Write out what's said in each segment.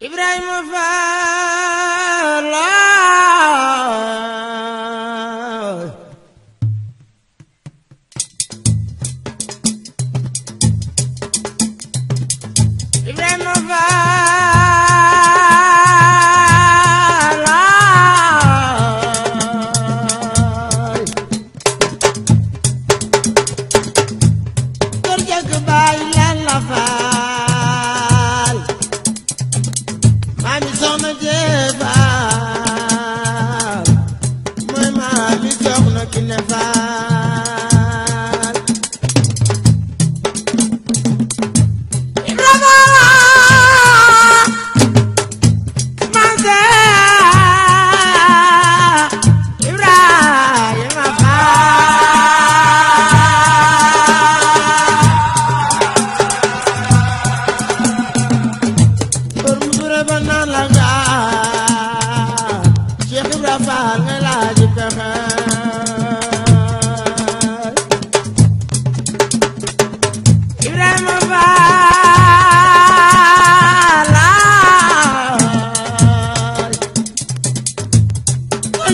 Ibrahima Fall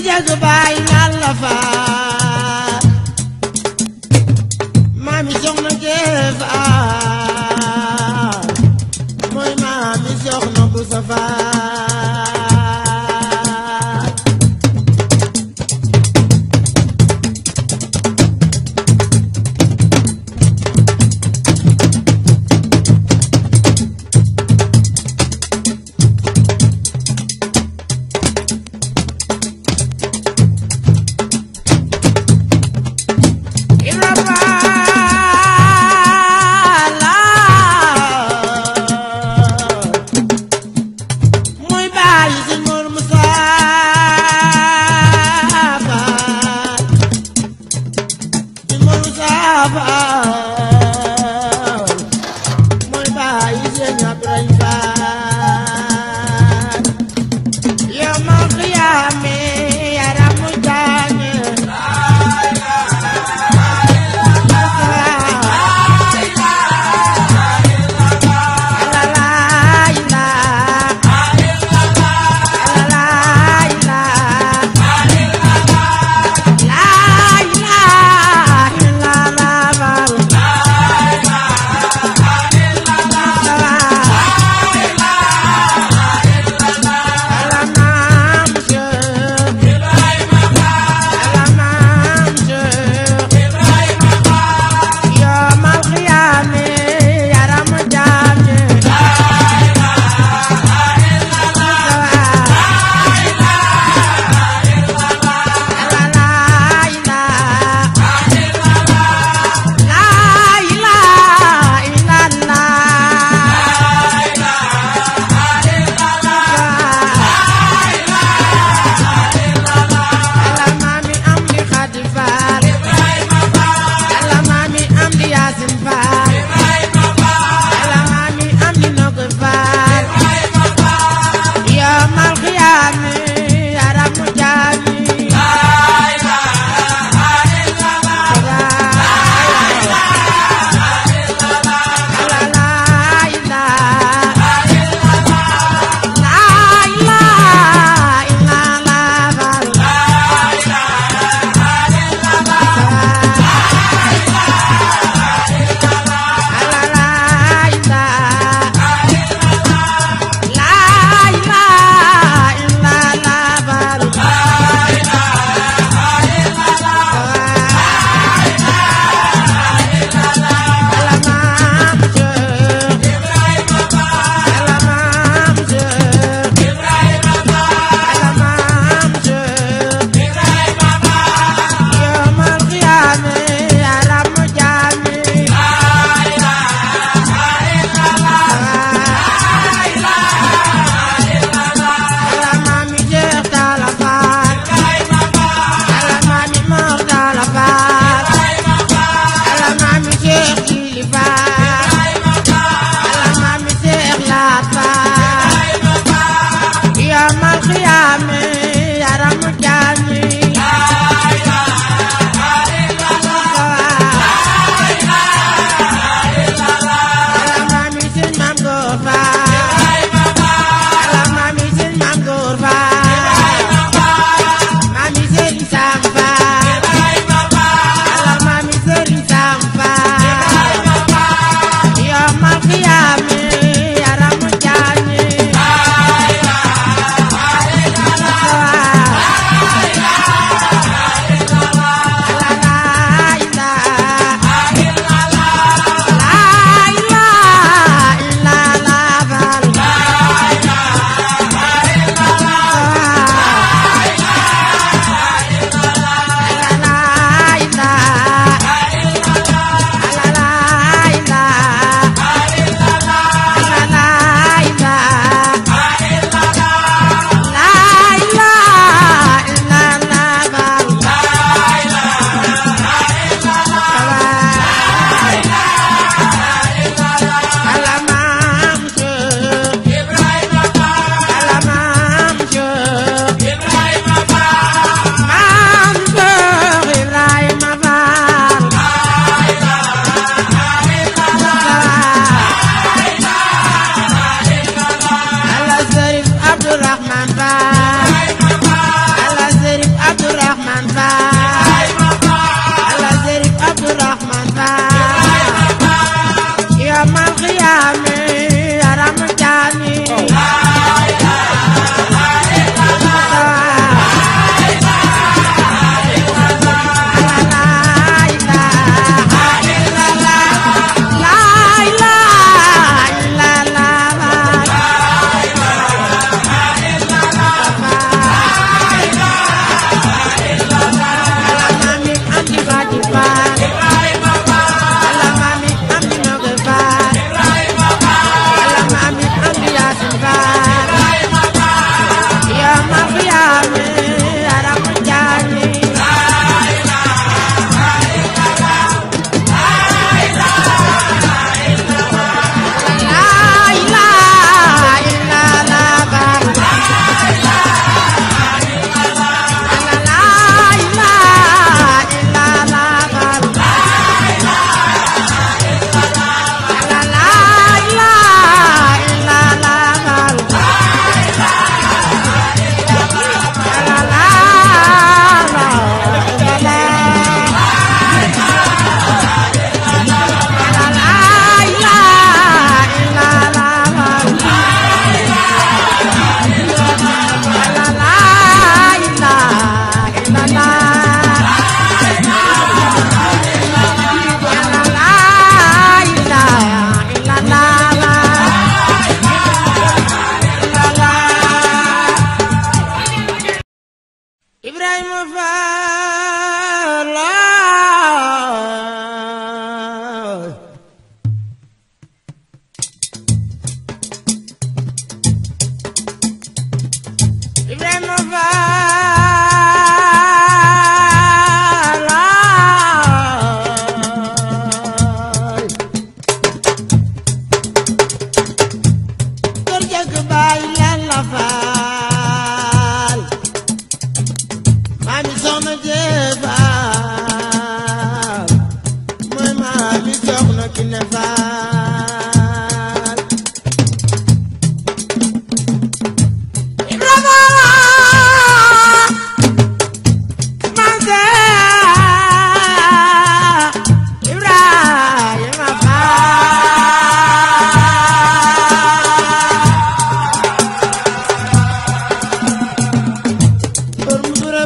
jag baay laal la faal maami soxna jëf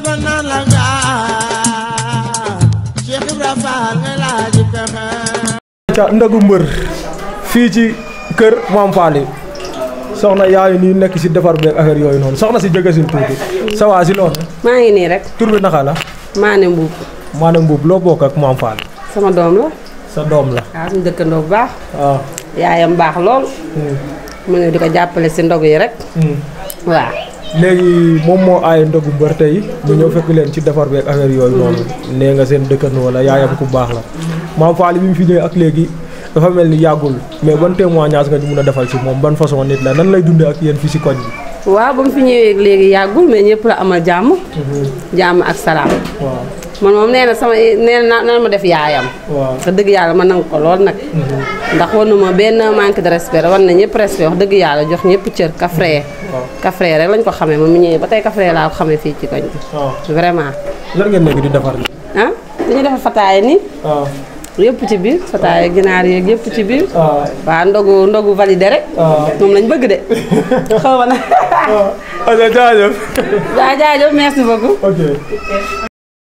ba naan la ngaa Cheikh ndagu mbër fii ci soxna si defar affaire soxna si jege si sa waa ngi rek. tur bi naka la. Maane Mbuub. Maane Mbuub loo bokk ak Mame Fall. sama doom la. sa doom la. waaw suñu dëkkandoo bu baax. yaayam baax mu di ko yi rek. Hmm. waaw. léegi moom moo aaye ndogu mbër tey ñu ñëw fekk leen ci defar beeg affaire yooyu noonu nee nga seen dëkkandoo la yaayam ku baax la maam Faly bi mu fi ñëwee ak léegi dafa mel ni yàggul mais ban témoignage nga ñu mun a defal ci moom ban façon nit la nan lay dundee ak yéen fii si koñ bi. waaw ba mu fi ñëwee léegi yàggul mais ñëpp la amal jàmm. Mhm. jàmm ak salaam. waaw man moom nee na sama nee na nan ma def yaayam. waaw te dëgg yàlla ma nangu ko lool nag. Mhm. ndax wan na ma benn manque de respect wan na ñëpp respect dëgg yàlla jox ñëpp cër ka Kaffré rek lañ ko xame moom mu ba tey Kaffré laa ko xamee fii ci koñ bi. Oh. vraiment. lan ngeen nekk di defar nii. ah dañuy defar fataaya nii. Oh. yëpp ci biir fataaya oh. ginaar yeeg yëpp ci biir. waaw ndogu ndogu validé rek. moom lañ bëgg de. xaw ma nag. waaw jaajëf. waaw jaajëf merci beaucoup. ok.